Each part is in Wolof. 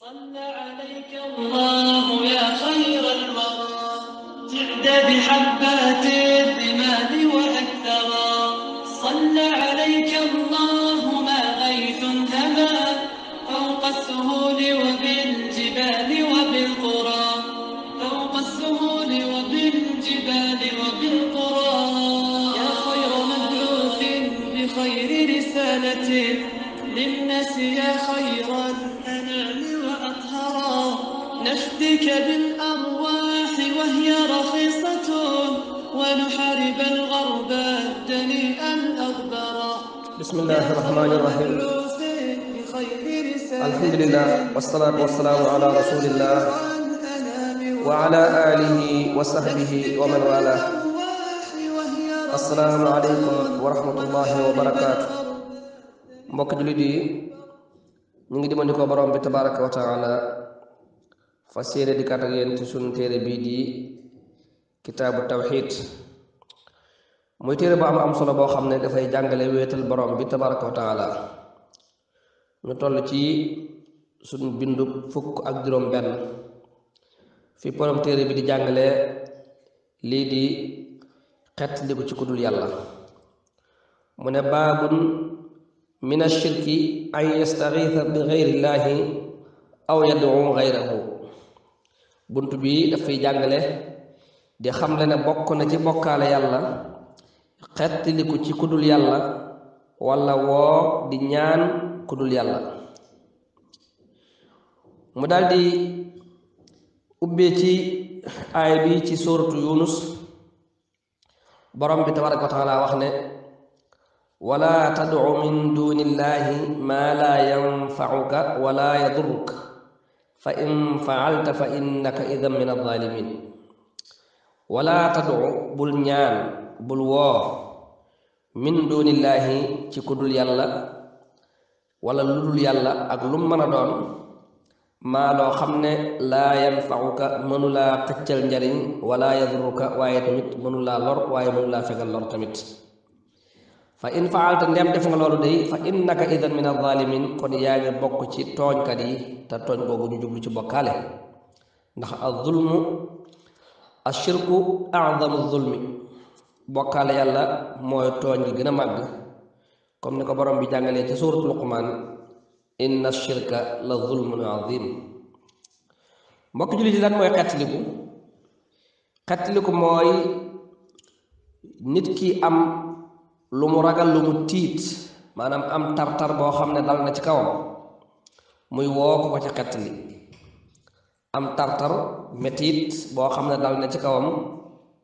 صلى عليك الله يا خير الورى تعد بحبات الرماد وأكثرا صلى عليك الله ما غيث هبا فوق السهول وبالسهول بسم الله الرحمن الرحيم الحمد لله والصلاة والسلام على رسول الله وعلى آله وصحبه ومن والاه السلام عليكم ورحمة الله وبركاته mbokk جلدي نيجي دي ngi dimandi ko وتعالى bi دي wa taala fas yéene dikkaat muy téere bu am am solo boo xam ne dafay jàngale wéetal borom bi tabaraka wa taala ñu toll ci suñ bindu fukk ak juróom benn fi borom téere bi di jàngale lii di xett li ko ci kudul yàlla mu ne baabun min ashirki an yastaxiisa bi xeyrillaahi aw yad'u xeyrahu bunt bi dafay jàngale di xamle ne bokk na ci bokkaale yàlla xettiliku ci kudul yàlla wala woo di ñaan kudul yàlla mu daldi ubbee ci aay bi ci suuratu yunus borom bi tabaraka wa taala wax ne wala tadcu min duni illahi maa laa yanfacuka wala yaduruk fa in facalta fa innaka idan min alzalimin wala tadu bul ñaan bul woo min duunillaahi ci kudul yàlla wala ludul yàlla ak lum mën a doon maa loo xam ne laa yanfauka mënulaa xëccal njariñ wala yadruka waaye tamit mënulaa lor waaye mënulaa fegal lor tamit fa in faalta ndem def nga loolu day fa innaka idan min alzalimin kon yaa ngi bokk ci tooñkat yi te tooñ boobu ñu jublu ci bokkaale ndax al zulmu ashirku a'zamu zulmi bokkaale yàlla mooy tooñ gi gën a màgg comme ni ko borom bi jàngalee ci suuratu luqmaan inna shirka la zulmun azim mbokk jullit yi lan mooy xettaliku xettaliku mooy nit ki am lu mu ragal lu mu tiit maanaam am tar boo xam ne dal na ci kawam muy woo ko ko ci xettali am tartar metit boo xam ne dal na ci kawam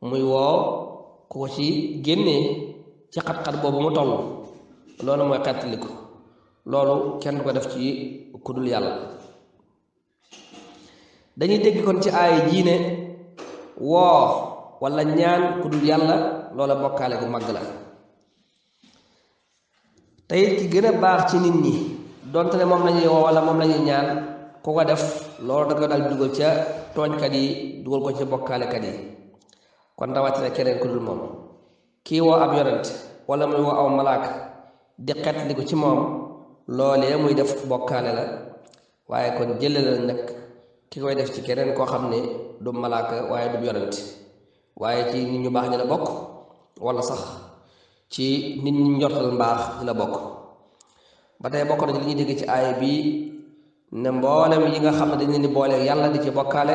muy woo ku ko ci génnee ci xat-xat boobu mu toll loolu mooy xettaliku loolu kenn du ko def ci kudul yàlla dañuy dégg kon ci aay jiine ne woo wala ñaan kudul yàlla loola bokkaale bu mag la tey ki gën a baax ci nit ñi donte ne moom lañuy woo wala moom lañuy ñaan ku ko def loolu da ko daal dugal ca tooñkat yi dugal ko ca bokkaalekat yi kon rawatina keneen ku dul moom kii woo ab yonent wala muy woo aw malaaka di xetli ko ci moom loolee muy def bokkaale la waaye kon jële la nag ki koy def ci keneen koo xam ne du malaaka waaye du yonent waaye ci nit ñu baax ñu la bokk wala sax ci nit ñu njortal mbaax ñu la bokk ba tey bokk na li ñuy dégg ci aay bi ne mboolem yi nga xam ne dañ leen di boole yàlla di ci bokkaale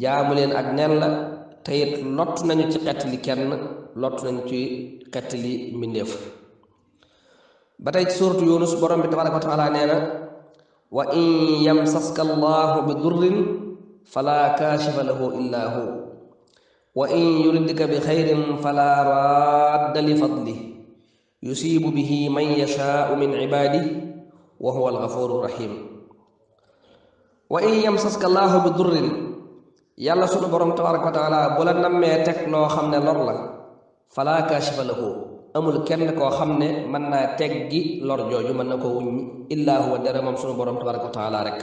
jaamu leen ak nen la te it lott nañu ci xett li kenn lott nañu ci xett li mbindeef ba ci suuratu yunus borom bi tabaraka wa taala nee na wa in yamsaska bi durrin fala kaashifa lahu li fadli yusibu bihi man yashaau min ibaadihi wa huwa algafuuru wa in yamsaska allahu bi durrin yàlla sunu borom tabaraka wa taala bu la nammee teg loo xam ne lor la fala kaashifa lahu amul kenn koo xam ne mën naa teggi lor jooju mën na koo wuññi illaa huwa dara moom sunu borom tabaraka wa taala rek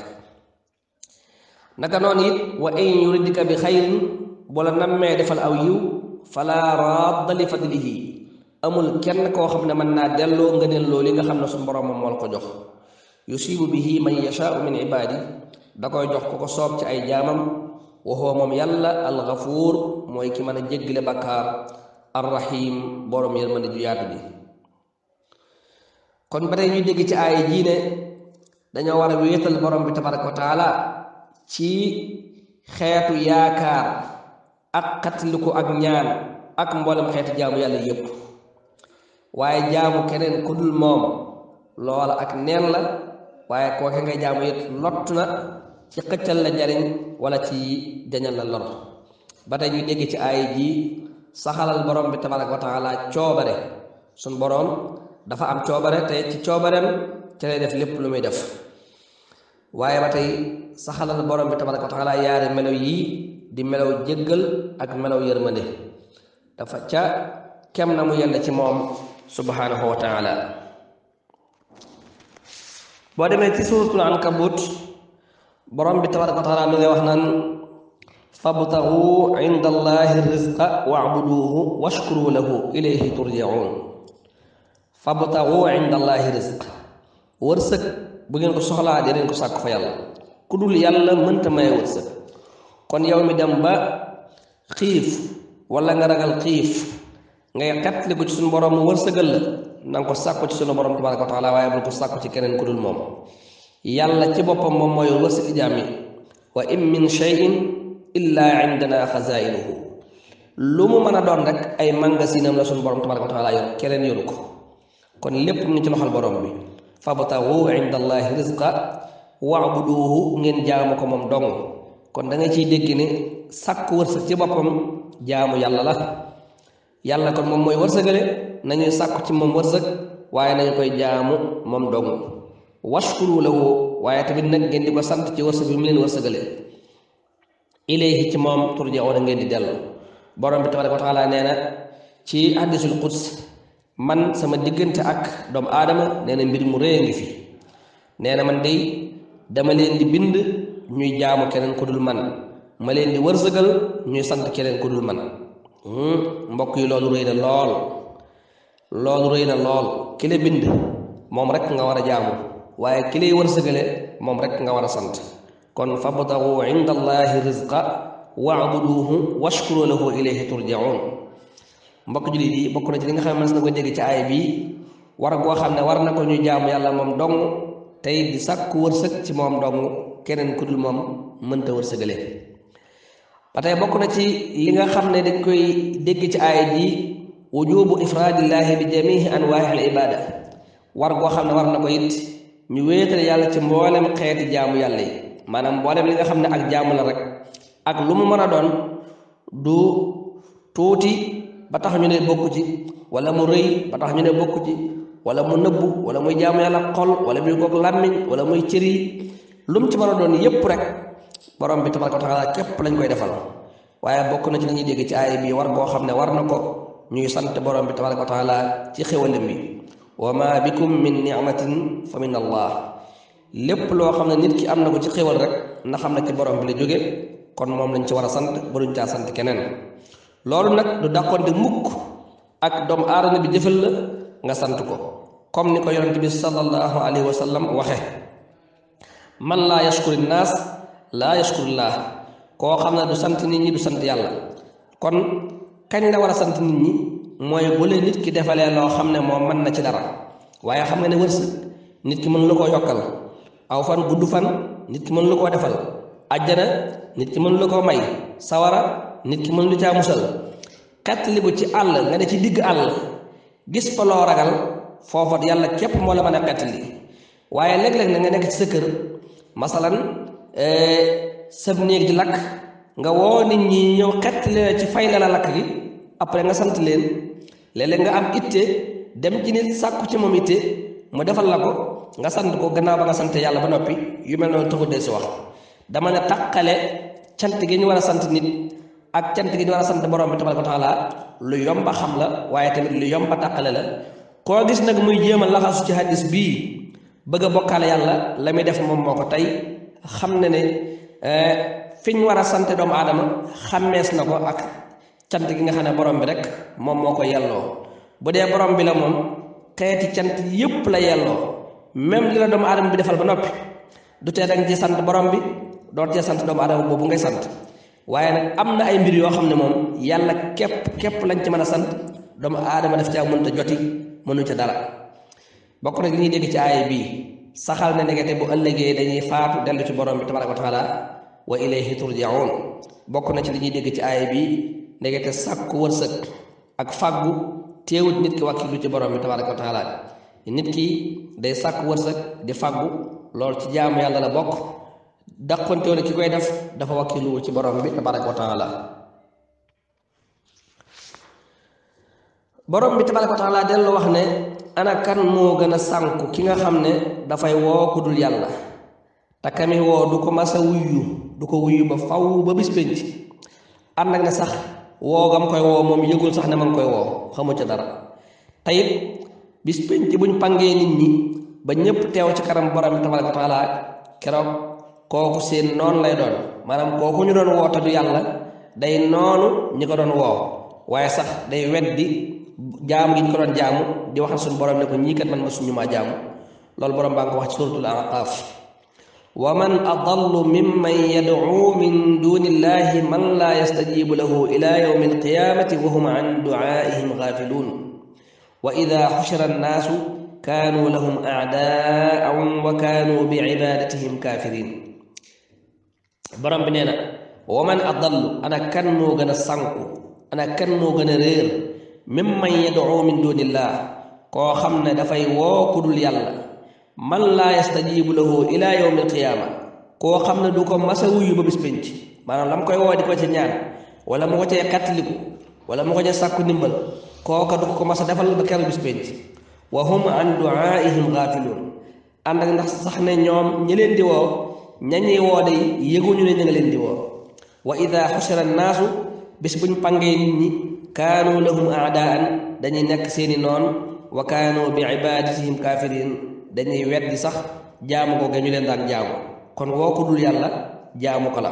naka noonu it wa in yuridika bi xayrin bu la nammee defal aw yiw fala raadda li fadlihi amul kenn koo xam ne mën naa delloo ngëneel loolu li nga xam ne suñu borom moom moo la ko jox yusibu bihi man yashaau min ibaadi da koy jox ko ko soob ci ay jaamam waxoo moom yàlla ghafur mooy ki mën a jéggale bakkaar arrahim borom yërmande ju yaatu bi kon ba tey ñuy dégg ci aaya jii ne dañoo war a wéetal borom bi tabaraka wa taala ci xeetu yaakaar ak xatliku ak ñaan ak mbolam xeetu jaamu yàlla yépp waaye jaamu keneen ku dul moom loola ak neen la waaye kooke ngay jaamu it lott na ci xëccal la njariñ wala ci jañal la lor ba tey ñu dégg ci aay ji saxalal borom bi tabaraka wa taala coobare suñ boroom dafa am coobare te ci coobareem ci lay def lépp lu muy def waaye ba tey saxalal borom bi tabaraka wa taala yaari melaw yi di melaw jëggal ak melo yërmande dafa ca kem na mu yell ci moom subhanahu wa بودي ميتي سورة العنكبوت برام بتبارك وتعالى من ذي وحنان فابتغوا عند الله الرزق واعبدوه واشكروا له إليه ترجعون فابتغوا عند الله الرزق ورسك بغين كو سخلا ديرين كو ساكو فيا الله كودول يالا منت ماي ورسك كون يومي دم با خيف ولا nga ragal xif ngay xet li ko ci sun borom wërsegal la na nga ko sàkku ci sunu borom tabaraka waaye bul ko sàkku ci keneen ku dul moom yàlla ci boppam moom mooy wërsëg jaam yi wa in min shay'in illa indana xazainuhu lu mu mën a doon rek ay mangasinam la sunu borom tabaraka wa taala yor yoru ko kon lépp mu ngi ci loxol borom bi fabtagu inda allahi rizqa waabuduuhu ngeen jaamu ko moom dong kon da nga ciy ci boppam jaamu yàlla la yàlla kon moom mooy wërsëgale nañuy sàkku ci moom wërsëg waaye nañu koy jaamu moom dong washkuru lahu waaye tamit nag ngeen di ko sant ci wërsëg bi mu leen wërsëgale ilayhi ci moom turjaoon ngeen di dellu borom bi tabaraka wa taala nee na ci hadisul quds man sama diggante ak doomu aadama nee na mbir mu rëy a fi nee na man day dama leen di bind ñuy jaamu keneen ku dul man ma leen di wërsëgal ñuy sant keneen ku dul man Hmm, mbokk yi loolu rëy na lool loolu rëy na lool kilo bind moom rek nga war a jaamu waaye ki lay wërsëgale moom rek nga war a sant kon fabtagu inda allahi rizqa waabuduhu washkuru lahu ilayhi turjaun mbokk jullit yi bokk na ci li nga xam ne mën na ko dégg ci aay bii war goo xam ne war na ko ñu jaamu yàlla moom dong tey di sàkku wërsëg ci moom dong keneen ku dul moom mënta wërsëgale ba tey bokk na ci li nga xam ne dañ koy dégg ci aaya ji wujubu ifraadillaahi bi jamihi anwaahil ibaada war goo xam ne war na ko it ñu wéetale yàlla ci mboolem xeeti jaamu yàlla yi maanaam mboolem li nga xam ne ak jaamu la rek ak lu mu mën a doon du tuuti ba tax ñu ne bokku ci wala mu rëy ba tax ñu ne bokku ci wala mu nëbbu wala muy jaamu yàlla xol wala muy goog làmmiñ wala muy cëri lu mu ci mën a doon yépp rek borom bi tabaraka wa taala képp lañ koy defal waaye bokk na ci lañuy dégg ci aaya bi war goo xam ne war na ko ñuy sant borom bi tabaraka wa taala ci xéwalam bi wa ma bikum min nicmatin fa min allah lépp loo xam ne nit ki am na ko ci xéwal rek na xam ne ci borom bi la jóge kon moom lañ ci war a sant ba duñ caa sant keneen loolu nag du dàqonte mukk ak doomu aadama bi jëfal la nga sant ko comme ni ko yonent bi sallallahu alayhi wa waxe man laa yashkuri laa yaskurullah koo xam ne du sant nit ñi du sant yàlla kon kañ la war a sant nit ñi mooy bu nit ki defalee loo xam ne moom mën na ci dara waaye xam nga ne wërsëg nit ki mën lu koo yokkal aw fan gudd fan nit ki mën lu koo defal ajjana nit ki mën lu koo may sawara nit ki mën lu caa musal xettaliku ci àll nga ne ci digg àll gis fa loo ragal foofa yàlla képp moo la mën a xettali waaye léeg-léeg nga nekk ci sa kër masalan Eh, sab néeg di lakk nga woo nit ñi ñëw xet leen ci fay la la lakk gi après nga sant leen léeg-léeg nga am itte dem ci nit sàkku ci moom itte mu defal la ko nga sant ko gannaaw ba nga sant yàlla ba noppi yu mel noonu taxul dee si wax dama ne tàqale cant gi ñu war a sant nit ak cant gi ñu war a sant borom bi tabaraka taala lu yomba xam la waaye tamit lu yomba tàqale la koo gis nag muy jéem laxasu ci hadis bii bëgg a bokkaale yàlla la muy def moom moo ko xam na ne eh, fi ñu war a sant doomu aadama xàmmees na ko ak cant gi nga xam ne borom bi rek moom moo ko yelloo bu dee borom bi la moom xeeti cant yépp la yelloo même li la doomu aadama bi defal ba noppi du tee danga ci sant borom bi doo tee sant doomu aadama boobu ngay sant waaye nag am na ay mbir yoo xam ne moom yàlla képp képp lañ ci mën a sant doomu aadama daf caa mënut a joti mënu ca dara bokk na li ñuy dégg ci aaya bii saxal na negete bu ëllëgee dañuy faatu dellu ci borom bi tabaraka wa taala wa ilayhi turjaun bokk na ci li ñuy dégg ci aaya bi negete sàkku wërsëg ak fàggu teewut nit ki wàkki lu ci borom bi tabaraka wa taala nit ki day sàkku wërsëg di fàggu loolu ci jaamu yàlla la bokk daqantewla ki koy def dafa wàkki luwul ci borom bi tabaraka wa taala borom bi tabaraka wa taala dellu wax ne ana kan mo gëna sanku ki nga xamne da fay wo ku dul yàlla kami wo du ko masa wuyu du ko wuyu ba faw ba bis penc ànd nak na sax wo gam koy wo mom yegul sax ne mang koy wo xamu ci dara tayit bis penc buñ pangé nit ñi ba ñepp tew ci karam borom tabaraka taala keroog kooku seen non lay doon maanaam kooku ñu doon wo ta du yalla day nonu ñi ko doon wo waye sax day weddi jaamu gi ko don jaamu di waxal sun borom ne ko ñi kat man ma suñu ma jaamu lol borom ba ngi ko wax ci suratul aqaf wa man adallu mimman yad'u min dunillahi man la yastajibu lahu ila yawmil qiyamati wa hum an du'aihim ghafilun wa idha hushira an-nasu kanu lahum a'da'an wa kanu bi'ibadatihim kafirin borom bi nee na wa man adallu ana kan moo gën sànku ana kan moo gën réer même man yad'u min dunillah koo xam ne dafay woo ku dul yàlla man laa yastajibu lahu ila yawmi alqiyaama koo xam ne du ko masa wuyu ba bis pénc maanaam la mu koy woo di ko ci ñaan wala mu ko cee xettaliku wala mu ko ca sàkku ndimbal kooka du ko masa defal ba keroog bis pénc wa hum an du'aa'ihim gaafiluun ànd ak ndax sax ne ñoom ñi leen di woo ñañuy woo day yëguñu ne ña leen di woo wa ida xusira annaasu bés bu ñu pangee nit ñi kaanu lahum aadaan dañuy nekk seeni noon wa kaanu bi ibadatihim kaafiriin dañuy weddi sax jaamu ko ga ñu leen daan jaamu kon woo ko dul yàlla jaamu ko la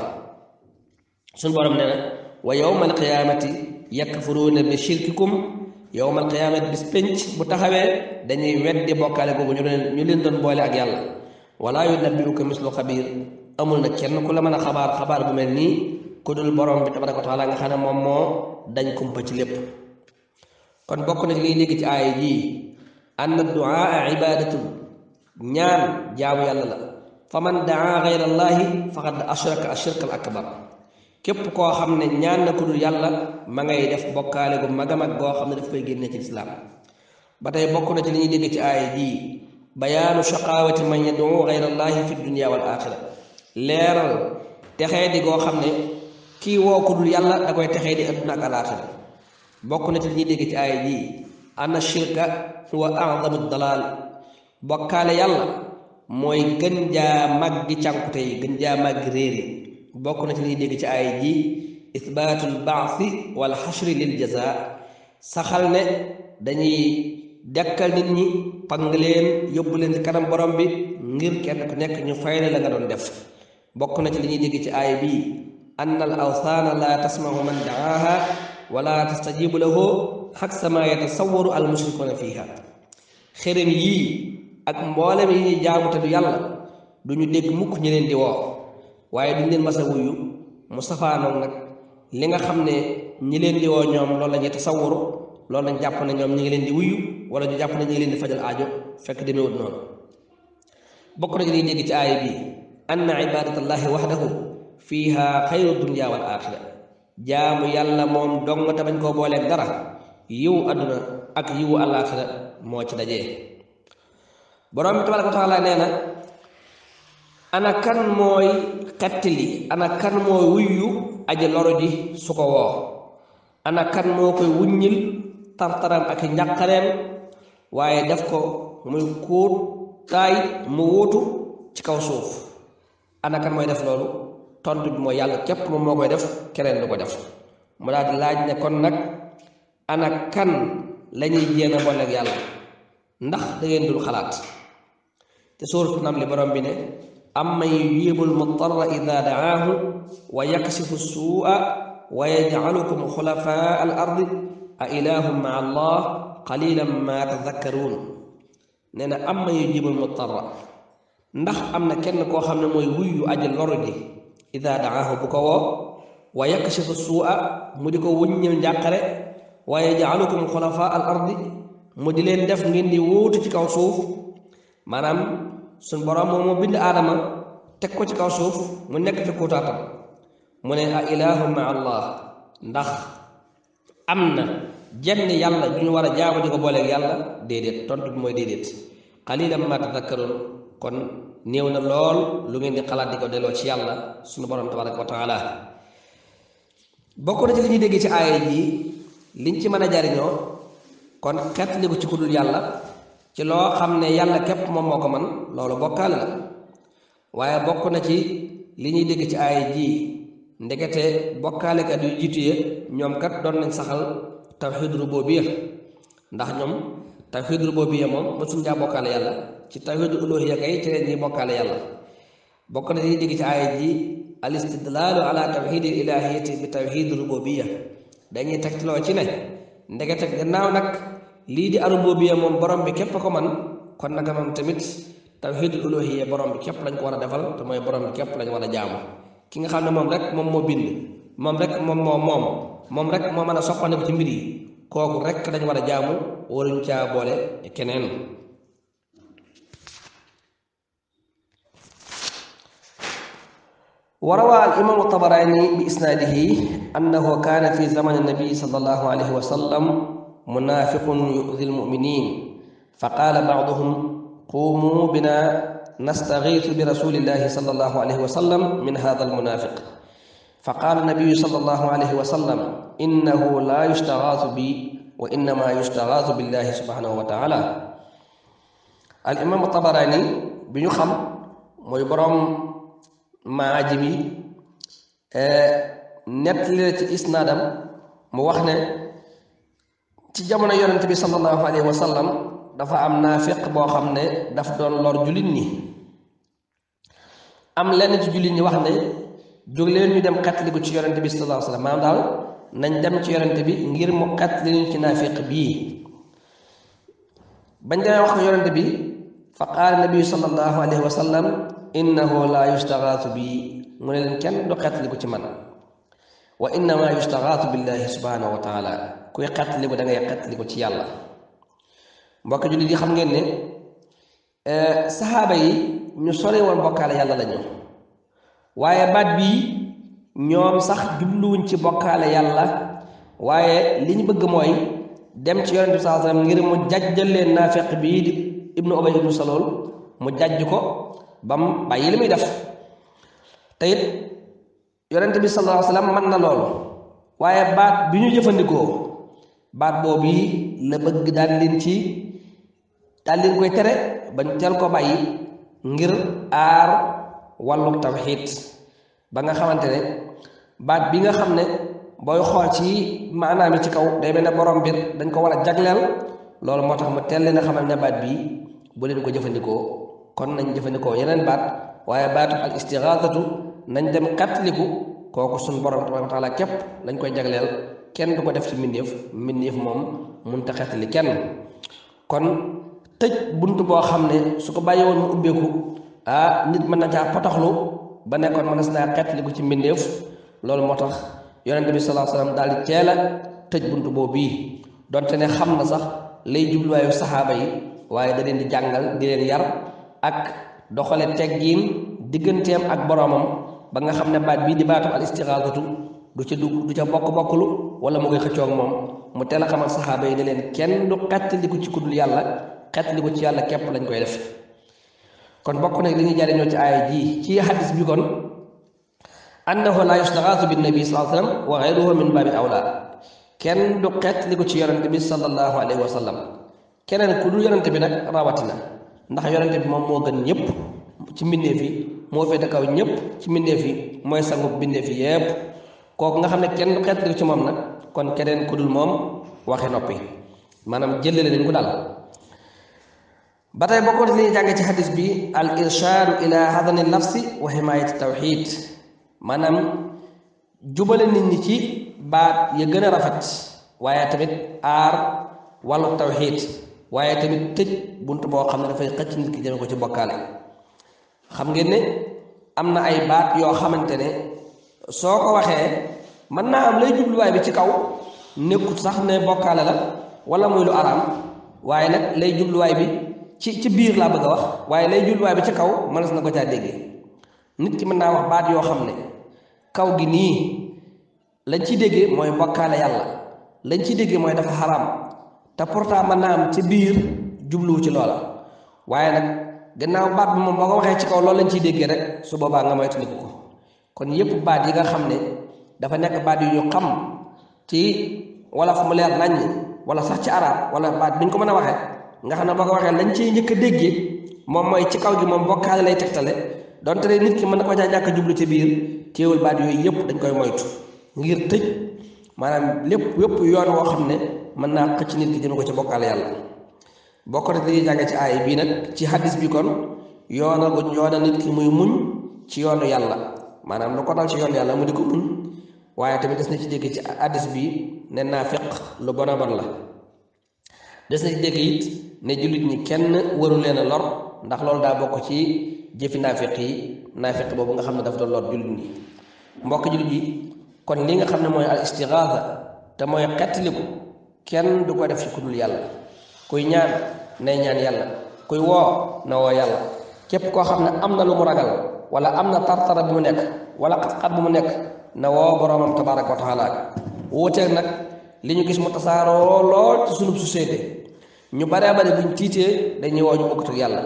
suñu borom nee na wa yawma alqiyaamati yakfuruuna bi shirkikum yawma alqiyaamati bis pénc bu taxawee dañuy weddi bokkaale googu ñu leen doon boole ak yàlla walaa yunabbi'uka mislu xabiir amul na kenn ku la mën a xabaar xabaar bu mel nii ku borom bi tabaraka wa taala nga xam ne moom moo dañ kumpa ci lépp kon bokk na ci liy dégg ci aaya jii ann duaa ibadatun ñaan jaamu yàlla la fa man daa gayra allaahi faqad ashraka ashirka al akbar képp koo xam ne ñaan na ku dul yàlla ma ngay def bokkaale gu mag a mag goo xam ne daf koy génne ci lislaam ba tey bokk na ci li ñuy ci aaya jii bayaanu shaqaawati man yad'u gayra allaahi fi dunya wal leeral texee di goo xam ne kii woo ko dul yàlla da koy texee di adduna ak alaaxira bokk na ci li ñuy dégg ci ay ji anna shirka huwa a'zamu dalaal bokkaale yàlla mooy gën jaa màggi cànkute réer yi bokk na ci li dégg ci ay ji isbaatul baasi wal xashri lil jaza saxal ne dañuy dekkal nit ñi pang leen yóbbu leen kanam borom bi ngir kenn ku nekk ñu fay la nga doon def bokk na ci li ñuy dégg ci ay bii أن الأوثان لا تسمع من دعاها ولا تستجيب له حكس ما يتصور المشركون فيها خيرم يي اك مبولم يي جامو تدو يالا دو ديك موك ني لين دي وو واي ويو مصطفى نونك نك ليغا خامني ني لين دي وو نيوم لول لا ني تصور لول لا نجاپ ني نيوم ني لين دي ويو ولا ني جاپ دي فجال اديو فك ديمي وود نون بوكو ني ديك بي ان عباده الله وحده fiiha xayru dunya wal axira jaamu yàlla moom dong te koo booleeg dara yiw àdduna ak yiwu alaaxira moo ci dajee borom bi tabaraka wa taala nee na su ko woo ana moo koy wuññil tartaram ak njàqareem waaye def ko muy kuut taay mu wuutu ci kaw suuf ana mooy def loolu tontu bi mooy yàlla kep mom mokoy def keneen du ko def mu daal di laaj ne kon nag ana kan lañuy ñuy jéem a booleeg yàlla ndax da ngeen dul xalaat te suuratu nam li borom bi ne am amman yujibul muttarra ida daahu wa yaksifu suua wa yajcalukum xulafaa al ard a ilahu maa allah qalilan ma tadakkaruun nee na amman yujibul muttarra ndax am na kenn koo xam ne mooy wuyu aji loru ji ida daahu bu ko woo wa yakshifu suua mu di ko wuññil njàqare wa yajcalukum xulafa al ardi mu di leen def ngeen di wóotu ci kaw suuf maanaam suñ borom moom bind aadama teg ko ci kaw suuf mu nekk ci kuutaatam mu ne a ilahu ma allah ndax am na jenn yàlla ju ñu war a jaamu ko booleeg yàlla déedéet tontu bi mooy déedéet qalilan ma tadakkaroon kon néew na lool lu ngeen di xalaat di ko delloo ci yàlla sunu borom tabaraka wa taala bokk na ci li ñuy déggee ci aaya ji liñ ci mën a jariñoo kon xet li ci ku dul yàlla ci loo xam ne yàlla képp moom moo ko man loolu bokkaale la waaye bokk na ci li ñuy dégg ci aaya ji ndekete bokkaalekat yu jiitu ya ñoom kat doon nañ saxal tawxiid rububiyya ndax ñoom tawxiid rububiyya moom mësuñ jaa bokkaale yàlla ci tawhidu uluhiyya kay ci leen ñi bokkaale yàlla bokk na ñuy dégg ci aaya ji al istidlaalu ala tawhidi ilahiyati bi tawhidi rububiyya dañuy tegtaloo ci ne ndekete gannaaw nag lii di ya moom borom bi képp a ko man kon nag moom tamit tawhidul uluhiyya borom bi képp lañ ko war a defal te mooy borom bi képp lañ war a jaamu ki nga xam ne moom rek moom moo bind moom rek moom moo moom moom rek moo mën a soppandiku ci mbir yi kooku rek lañ war a jaamu waruñ caa boole keneen وروى الإمام الطبراني بإسناده أنه كان في زمن النبي صلى الله عليه وسلم منافق يؤذي المؤمنين فقال بعضهم قوموا بنا نستغيث برسول الله صلى الله عليه وسلم من هذا المنافق فقال النبي صلى الله عليه وسلم إنه لا يستغاث بي وإنما يستغاث بالله سبحانه وتعالى الإمام الطبراني بن ويبرم maajibi nettali na ci isnaadam mu wax ne ci jamono yonent bi sallallahu alayhi wa sallam dafa am naafiq boo xam ne daf doon lor jullit ñi am lenn ci jullit ñi wax ne jóg leen ñu dem xetliku ci yonent bi sallallahu alayhi wa sallam maanaam daal nañ dem ci yonent bi ngir mu xetli ñu ci naafiq bii bañ demee wax ko yonent bi fa qaala nabiyu sallallahu alayhi wa sallam innahu laa yustaxaatu bi mu ne leen kenn du xeetli ko ci man wa innama yustaxaatu billahi subhanahu wa taala kuy xeetli ko da ngay xeetli ko ci yàlla mbokk jullit yi xam ngeen ne eh, saxaaba yi ñu sore woon bokkaale yàlla lañu waaye baat bii ñoom sax jubluwuñ ci bokkaale yàlla waaye li bëgg mooy dem ci yonent bi saa sallam ngir mu jàjjal leen naafeq bii di ibnu ubay ibnu salool mu jàjj ko ba mu bàyyi li muy def te it yonent bi sallallahu alayhi wa mën na loolu waaye baat bi ñu jëfandikoo baat boobu yi la bëgg daal leen ci daal leen koy tere bañ teel ko bàyyi ngir aar wàllu tawxiid ba nga xamante ne baat bi nga xam ne booy xool ci maanaam ci kaw day mel ne borom bi dañ ko war a jagleel loolu moo tax mu teel leen a xamal ne baat bi bu leen ko jëfandikoo kon nañ jëfëndiko yeneen baat waaye baatu al istighathatu nañ dem katliku koku sun borom tabaraka taala kep lañ koy jagleel kenn du ko def ci mbindeef mbindeef mom mun ta xettali kenn kon tej buntu bo xamne ne su ko bàyyi woon mu ah nit mën na ja potoxlu ba nekkoon na naa ko ci mbindeef lol motax yaronte bi sallallahu salaam wasallam dal teel a tëj bunt boobu bii donte ne xam sax lay wayu sahaba yi waye da len di jangal di len yar ak doxale teggiin digganteem ak boroomam ba nga xam ne baat bii di baatu al istixaasatu du ca dugg du ca bokk-bokklu wala mu koy xëccoog moom mu teel a xamal saxaaba yi ne leen kenn du xettaliku ci kuddul yàlla xettaliku ci yàlla képp lañ koy def kon bokk nag li ñuy jariñoo ci aaya ji ci xadis bi kon annahu laa yustaxaasu bin nabi sallallahu alayhi wa sallam wa xayruhu min baabi awla kenn du xettaliku ci yonente bi sallallahu alayhi wa sallam keneen ku dul yonente bi nag rawatina ndax yonente bi moom moo gën ñëpp ci mbindeef yi moo féete kaw ñëpp ci mbindeef yi mooy sangu mbindeef yi yépp kooku nga xam ne kenn xeetli ci moom na kon keneen ku dul moom waxe noppi maanaam jëlale dañ ko daal ba tey bokkoon li ñuy jànge ci xadis bi al irshaadu ila hadani nafsi wa himayati tawxid maanaam jubale nit ñi ci baat yi gën a rafet waaye tamit aar wàllu tawxid waaye tamit tëj bunt boo xam ne dafay xëcc nit ki jëme ko ci bokkaale xam ngeen ni am na ay baat yoo xamante ne soo ko waxee mën naa am lay jubluwaay bi ci kaw nekkut sax ne bokkaale la wala muy lu lay jubluwaay bi ci ci biir laa bëgg a wax waaye lay jubluwaay bi ci kaw mënees na ko caa déggee nit ki mën naa wax baat yoo xam ne kaw gi nii lañ ci déggee mooy bokkaale yàlla lañ ci déggee mooy dafa xaraam te pourtant mën naa am ci biir jubluwu ci loola waaye nag gannaaw baat bi moom boo ko waxee ci kaw loolu lañ ciy déggee rek su boobaa nga moytandiku ko kon yépp baat yi nga xam ne dafa nekk baat yu ñu wala fu mu leer nañ wala sax ci arab wala baat bi ko mën a waxee nga xam ne boo ko waxee lañ ciy njëkk a déggee moom mooy ci kaw gi moom bokkaale lay tegtale donte ne nit ki mën na ko caa ñàkk jublu ci biir téewul baat yooyu yëpp dañ koy moytu ngir tëj maanaam lépp yëpp yoon woo xam ne mën naa xëcc nit ki jëme ko ci bokkaale yàlla bokk na a jànge ci aay bii nag ci hadis bi kon yoona bu yoona nit ki muy muñ ci yoonu yàlla maanaam lu ko dal ci yoonu yàlla mu di ko muñ waaye tamit des na ci dégg ci hadis bi ne naa feq lu bon a la des na ne jullit ñi kenn warul leen a lor ndax loolu daa bokk ci jëfi naafiq yi naafiq boobu nga xam ne dafa doon lor jullit ñi mbokk jullit yi kon li nga xam ne mooy al istigaasa te mooy xettaliku kenn du ko def ci ku yàlla kuy ñaan nay ñaan yàlla kuy woo na woo yàlla képp koo xam ne am na lu mu ragal wala am na tartara bu mu nekk wala xat-xat bu mu nekk na woo boroomam tabaraka wa taala wuuteeg nag li ñu gis mu tasaaroo lool ci sunub société ñu baree bari buñ tiitee dañuy woo ñu bokkatul yàlla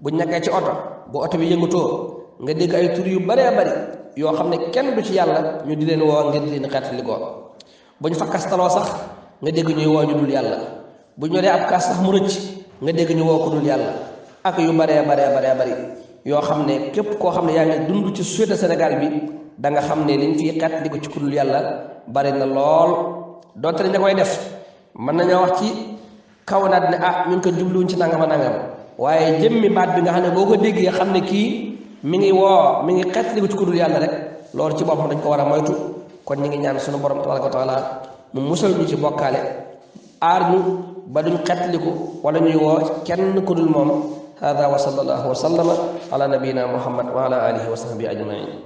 buñ nekkee ci oto bu oto bi yëngutoo nga dégg ay tur yu baree yoo xam ne kenn du ci yàlla ñu di leen woo ngir di leen xeetali ko sax nga dégg ñuy woo ñu dul yàlla bu ñu ab kaas sax mu rëcc nga dégg ñu woo ko dul yàlla ak yu bare bare bare bari yoo xam ne képp koo xam ne yaa ngi dund ci suéde sénégal bi da nga xam ne liñ fiy xet di ko ci kudul yàlla bari na lool donte dañ koy def mën nañu wax ci kaw naat ne ah ñu ngi ko jublu ci nangam a nangam waaye jëmmi baat bi nga xam ne boo ko déggee xam ne kii mi ngi woo mi ngi xet di ko ci kudul yàlla rek loolu ci boppam dañ ko war moytu kon ngi ñaan sunu borom tabaraka wa taala mu musal ñu ci bokkaale aar ñu ba duñ xetliku wala ñuy woo kenn ku dul moom hada wa sallallahu wa sallama ala nabiyina muhammad wa ala alihi wa sahbi ajmain